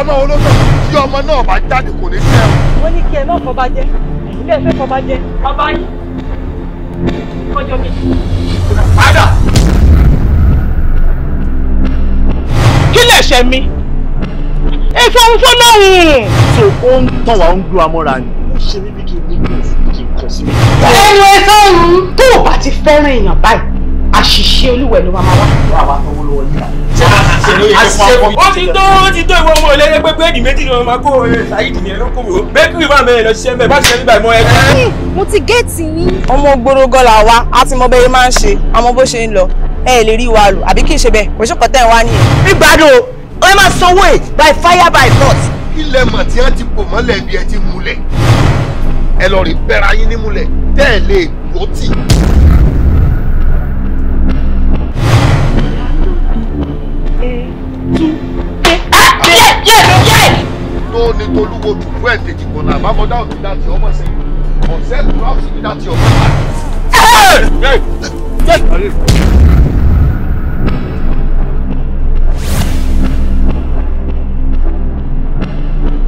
ọmọ olóògbé tí ọmọ náà bá jáde kò ní tẹ́ ọ. wọ́n ní kí ẹ náà fọba jẹ ilé ẹ̀fẹ́ fọba jẹ bàbá yín kọjọ mi. padà. kí lè ṣe mi èso ń fọ́ lọ́hùn. so ó ń tàn wá ń gbó amọ́ra ni ó ṣe mí bí kí n ní kí n kàn sí mi. ẹnu ẹ sọ̀rùn. tó o bá ti fẹ́ràn èèyàn báyìí àṣìṣe olúwẹ̀ ló máa wá. wàá wá tọwọ́ lọ́wọ́ yíyá ó ti tó ó mo ti géètì yín. ọmọ gbòrògọ́ là wá a ti mọ bẹ́ẹ̀ máa ń ṣe àmọ́ bó ṣe ń lọ ẹ wa lò àbí kì í ṣe bẹ́ẹ̀ kò ṣe kọ́tẹ́ ẹ̀ wá nìyẹn. gbígbádùn o ẹ máa sanwó by fire by force. ilẹ̀ mọ̀ tí wọ́n ti pò mọ́lẹ̀ bí ẹ ti múlẹ̀ ẹ lọ rí bẹ́ra yín nímúlẹ̀ tẹ́ ẹ lè gbó ó ní tolúwo dùn fún ẹ̀ tètè náà àbámọ́dá òbí dá ti ọmọ sẹ́yìn ọ̀sẹ̀ tó á sì dá ti ọmọ sẹ́yìn.